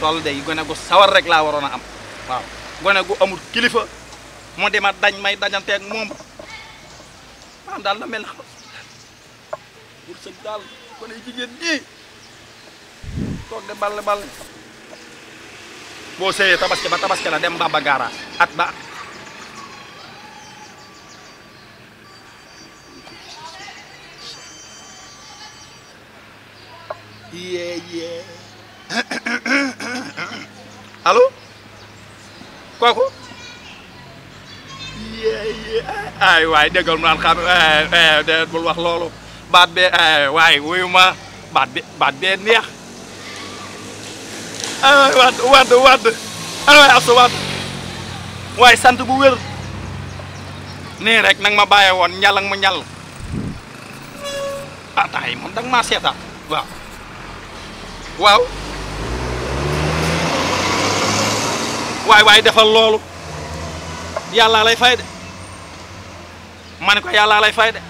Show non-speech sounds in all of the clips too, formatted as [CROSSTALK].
toll day gone go sawar rek laa waroon am waaw gone go amul kilifa mu di ma dañ may dajante ak moom maanaam daal la mel na pour sëg daal gone jigéen ñii toog de balle balle boo sëyee tabaski ba tabaski la dem bamba gaara at ba yeah yeah [CLEARS THROAT] kooku ay waay déggal mu naan xam bul wax loolu baat bee waay wuyu ma baat bi baat bee neex ay ah. eh, waay wadd wadd eh, ay asu wadd waay sant bu wér nii rek nag ma bàyyee woon ñalang ma ñal waaw waaw waay waay defal loolu yàllaa lay fay de ne ko yàllaa lay fay de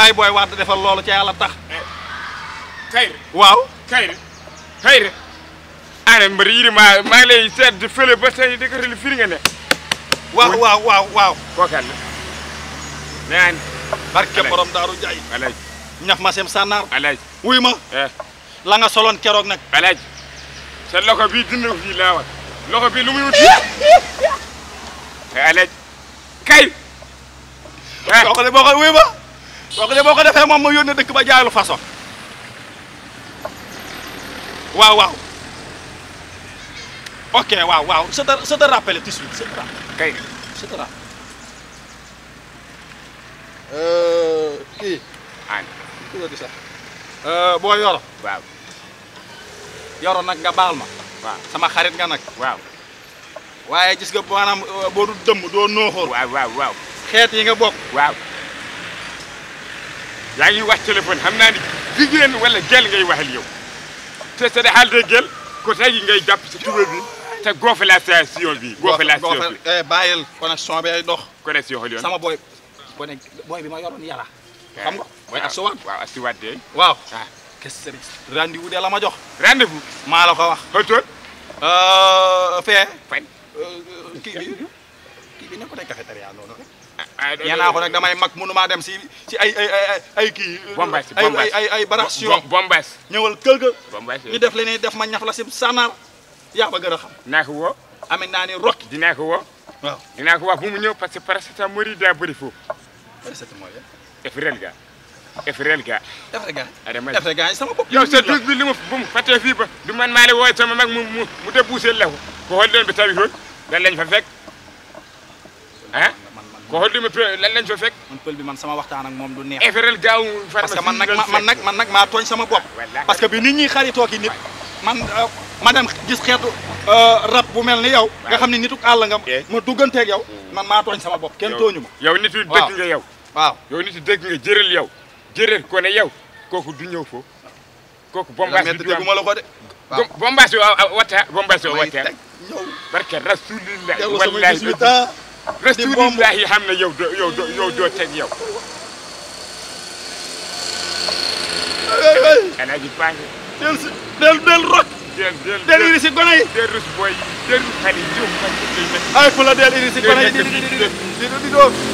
ay booy waat defal loolu ca yàlla tax. Kayre waaw Kayre Kayre. ana mbër yi maa maa ngi lay seet di fële ba tey dëkkari li firi nga ne. waaw waaw waaw waaw. kookaan la. naan. barke borom eh. soloon keroog nag. alaaj sa loxo bii loxo bi lu muy wut eh, alaj kay eh. boko ko de boo ko wuy ma boko ko de boo ko defee moom ma yónne dëkk ba jaalu façon waaw waaw ok waaw waaw se te se te rappeler tout suite se te rappeler kay se te rappelle euh, kii an tuddati sax bo yoro waaw yoro nak nga baal ma waaw sama xarit nga nag. waaw waaye gis nga maanaam euh, boo du dëmm doo nooxoor. waaw waaw waaw. xeet yi nga bokk. waaw yaa ngi wax téléphone xam naa ni jigéen wala gel ngay waxal yow te sa daxal de gel ko tey ngay jàpp si tuba bi te goofe la station bi. goofe la station bi eh, bàyyil connexion bi ay dox. connexion xool yoon sama booy. bone bi ma yoroon yàlla. Eh, xam nga mooy asuwaat waaw waaw. ah kese bi de la ma jox. rendez-vous maa la wax. fee fan kii bi kii bi ne ko day cafétéria noonu rek ñee naa ko nag damay mag mënumaa dem si si ay ay ay kii a ay ay ay baration bombas ñëwal kër ga ñu def leneen def ma ñaf la si sànnaar yaa ba gën a xam naa ko woo amit naa ni rokki dinaa ko woo waaw dinaa ko bu mu ñëw parce que paracetamol yi daa bëri foofu paracetamol ya ga Efrel gaa. Efrel gaa Efrel gaa sama bopp. yow sa douze bi li ma bu mu fàttee fii ba du man maa la wooye sama mag mu mu mu la ko ko xool leen tawi hoon lan fa fekk ah. ko xool dima lan lañ fa fekk. man pël bi man sama waxtaan ak moom du neex. Efrel gaa wu parce que man nag man nag man nag maa tooñ sama bopp. parce que bi nit ñi xaritoo ki nit man. Euh, ma dem gis xeetu euh, rab bu mel ni yow. nga xam ne nituk àll ngam eh? ma dugganteeg yow. Hmm. man maa tooñ sama bopp ken tooñu ma. yow nit yu dëgg yow. waaw yow nit yu yow. jërër ko ne yow kooku du ñëw foofu kooku bombas bi du am la bombas wata bombas bi wata barke rasulillah yow do yow do yow doo teg yow alaaji del si del del rot del del del iri si del rus booy del rus xale ay fu del iri si di di di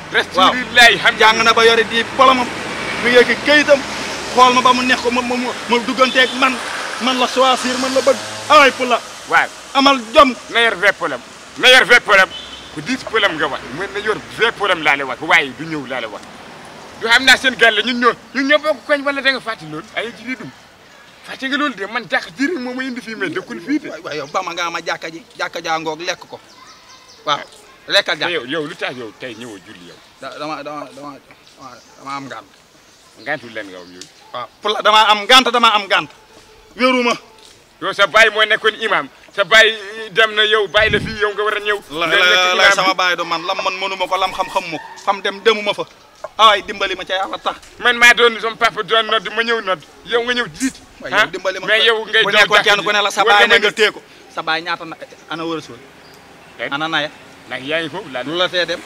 rasulillahi xam jàng na ba yore di polomam mu yëgi këyitam ma ba mu neex ko ma ma dugganteeg man man la choisir man la bëgg ay pula waaw amal jom na yor vingt problème na yor vingt problème ku dix problème nga wax mën na yor vingt problème laa la waaye du ñëw laa la wax du xam naa sen gàlle ñun ñoo ñun ñoo bokk koñ wala da nga ay jigi dum fàtte nga loolu de man jàkk jëriñ moo indi fi mais dëkkul fii de waaw yow ba ma nga ama jàkka ji jàkka jaa lekk ko waaw lekkal jàpp yow yow lu tax yow tey ñëw julli yow. dama am ngant. ngantul leen yow yooyu. waaw dama am ngant dama am ngant. wéeruma. yow sa baay moo nekkoon imam sa baay dem na yow bàyyi la fii yow nga war a ñëw. la la sama baay du man lam man mënuma ko lam xam-xam ma ko. fam dem demuma fa. ay dimbali ma ca yàlla tax. man maa doon sama papa doon nodd ma ñëw nodd yow nga ñëw jiit. ah mais yow ngay doon jàkku bu nekkoon kenn ku ne la sa baay ne nga téye ko. sa baay ñaata na ana wërësul. ana naya. ndax yaa ngi foofu laa lu la tee dem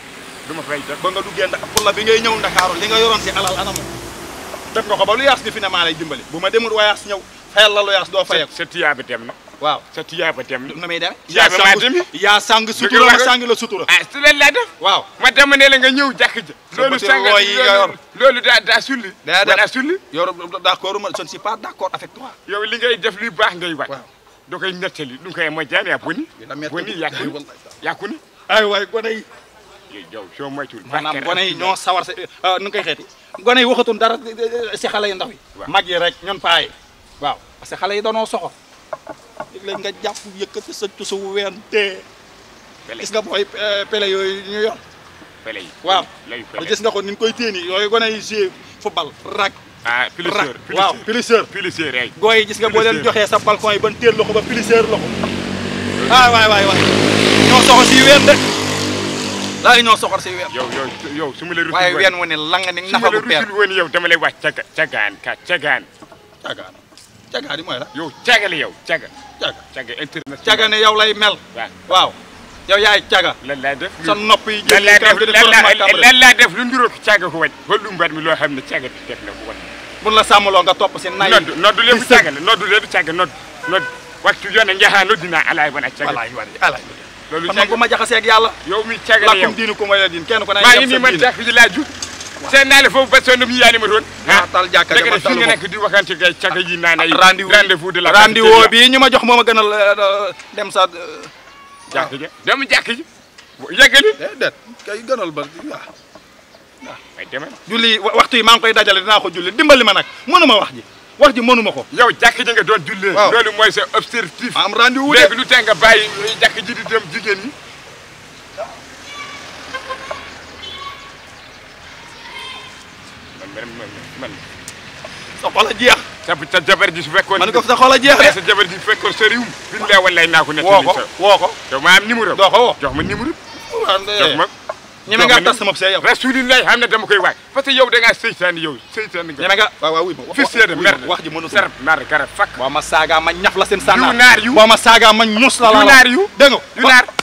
du ma fay jot ba nga duggee ndax pour la bi ngay ñëw ndakaaru li nga yoroon si alal anam def nga ko ba lu yaas ni fi ne maa lay dimbali bu ma demul wayaas ñëw fayal la lu yaas doo fayal sa tiyaa bi dem na waaw sa tiyaa dem na may demee yaa sang yaa sang sutura sang la sutura ah si leen laa def waaw ma dama ne la nga ñëw jàkk ja loolu sang yi nga yor loolu daa daa sulli daa daa sulli yor d' accord ma je ne suis pas d' accord avec toi yow li ngay def li baax ngay wax da koy nettali du ma jaane boni boni yàkku ay waay gone yi yow soo moytuwul maanaam gone yi ñoo sawar sa euh, nu koy xeeti gone yi waxatoon dara si xale yu ndaw yi mag yi rek ñun paaye waaw parce que xale yi danoo soxor léeg nga jàpp yëkkati sa cusu ween tee gis booy euh, pele yooyu ñu yor pele yi waaw gis nga ko ni koy téeni yooyu gone yi joué football rag ah pilisseur waaw pilisseur pilisseur ay gooy gis nga boo leen joxee sa balcon yi ban téel loxo ba pilisseur loxo ah waay waay ñoo soxor si ween de laay ñoo soxor si ween. yow yow yow su ma la. waaye ween wu ne lang ni nafa bu peer su ma la rusul woon yow dama lay wax caga cagaan ka cagaan. cagaan cagaan yi mooy la. yow cagale yow caga. caga caga international caga ne yow lay mel. waaw yow yaay caga. lan laa def sa nopp yi. lan laa def lan laa def lu nduróog caga ko waj ba lumbat mi loo xam ne caga def na ko waj. mun la sàmmaloo nga topp si nay. noddu noddu léegi cagale noddu léegi cagale noddu noddu waxtu yoon na njaxaa noddu naa alaay wan a caga. alaay wan alaay. loolu man bu ma jaxasee ak yàlla. yow mi cagale yow laakum diinu kum wala diin kenn ku ne. maa ngi nii man jàkk ji laa jug. waaw seen naa la foofu ba sonn mi yaa ni ma doon. ah tal jàkka ja ma talu nga nekk di waxante kay cagga ji naan ah, ay. rendez-vous de la rendez-vous bi ñu ma jox moom a gënal euh, euh, dem sa. Euh, jàkk ja dem jàkk ji. yeggali déedéet eh, kay gënal ba waaw. waaw may demee. julli waxtu yi maa ngi koy dajale dinaa ko julli dimbali ma nag mënuma wax ji. wax ji mënuma ko yow jàkk ji nga doon jullee loolu mooy sa obstructif am rendez-vous léegi lu tee nga bàyyi jàkk ji di dem jigéen ñi man man sa xol a sa jabar ji su fekkoon man ko sa jeex de jabar ji su fekkoon soriwul biñ lee walay naa ko nettali woo ko woo ko yow maa am numéro doo woo jox ma numéro jox ma ñeme nga tas sama sëy yow rasulillahi xam ne dama koy waay parce que yow da ngaa seytaane yow seytaane nga ñeme nga waaw waaw wuy ma fils de wax ji mënu serp nar kara fak boo ma saaga ma ñaf la seen sànnaar naar yu boo ma saaga ma ñus la la yu naar